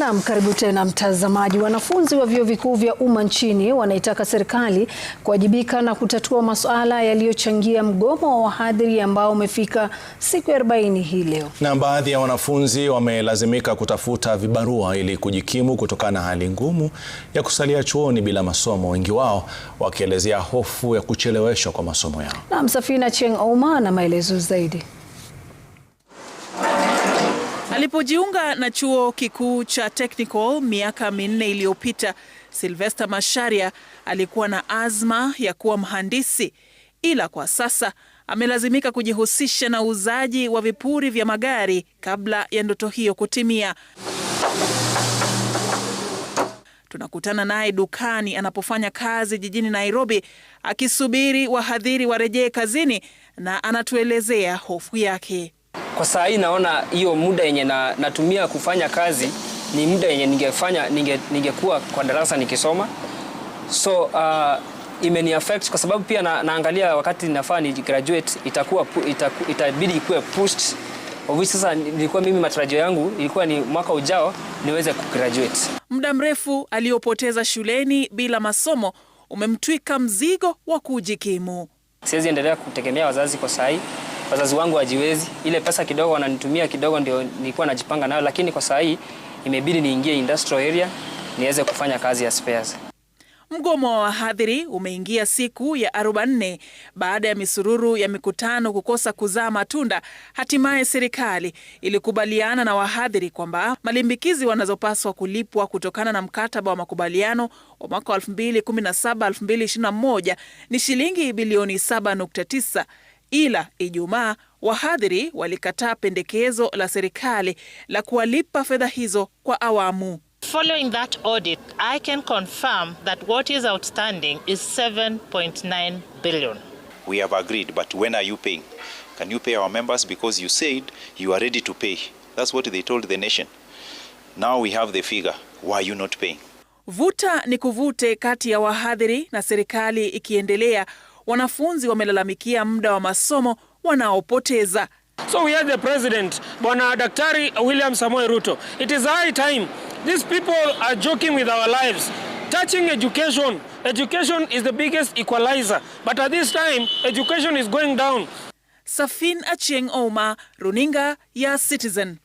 Naam, karibu tena mtazamaji. Wanafunzi wa vyuo vikuu vya umma nchini wanaitaka serikali kuwajibika na kutatua masuala yaliyochangia mgomo wa wahadhiri ambao umefika siku 40 hii leo. Na baadhi ya wanafunzi wamelazimika kutafuta vibarua ili kujikimu kutokana na hali ngumu ya kusalia chuoni bila masomo, wengi wao wakielezea hofu ya kucheleweshwa kwa masomo yao. Naam, Safina Cheng Ouma na maelezo zaidi. Alipojiunga na chuo kikuu cha Technical miaka minne iliyopita, Sylvester masharia alikuwa na azma ya kuwa mhandisi, ila kwa sasa amelazimika kujihusisha na uuzaji wa vipuri vya magari kabla ya ndoto hiyo kutimia. Tunakutana naye dukani anapofanya kazi jijini Nairobi, akisubiri wahadhiri warejee kazini, na anatuelezea hofu yake kwa saa hii naona hiyo muda yenye na, natumia kufanya kazi ni muda yenye ningefanya ningekuwa ninge kwa darasa nikisoma, so uh, imeni affect kwa sababu pia na, naangalia wakati ninafaa ni graduate itakuwa itaku, itabidi ikuwe pushed obviously. Sasa nilikuwa mimi matarajio yangu ilikuwa ni mwaka ujao niweze kugraduate. Muda mrefu aliyopoteza shuleni bila masomo umemtwika mzigo wa kujikimu. Siwezi endelea kutegemea wazazi kwa saa hii wazazi wangu wajiwezi, ile pesa kidogo wananitumia kidogo ndio nilikuwa najipanga nayo, lakini kwa sahii imebidi niingie industrial area niweze kufanya kazi ya spares. Mgomo wa wahadhiri umeingia siku ya 44 baada ya misururu ya mikutano kukosa kuzaa matunda. Hatimaye serikali ilikubaliana na wahadhiri kwamba malimbikizi wanazopaswa kulipwa kutokana na mkataba wa makubaliano wa mwaka 2017-2021 ni shilingi bilioni 7.9 ila Ijumaa wahadhiri walikataa pendekezo la serikali la kuwalipa fedha hizo kwa awamu. Following that audit, I can confirm that what is outstanding is 7.9 billion. We have agreed, but when are you paying? Can you pay our members because you said you are ready to pay. That's what they told the nation. Now we have the figure. Why are you not paying? Vuta ni kuvute kati ya wahadhiri na serikali ikiendelea wanafunzi wamelalamikia muda wa masomo wanaopoteza. So we have the president Bwana Daktari William Samoei Ruto. It is high time. These people are joking with our lives. Touching education. Education is the biggest equalizer. But at this time, education is going down. Safin Achieng Oma, Runinga ya Citizen.